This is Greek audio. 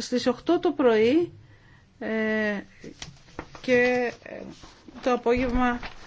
στις 8 το πρωί ε, και ε, το απόγευμα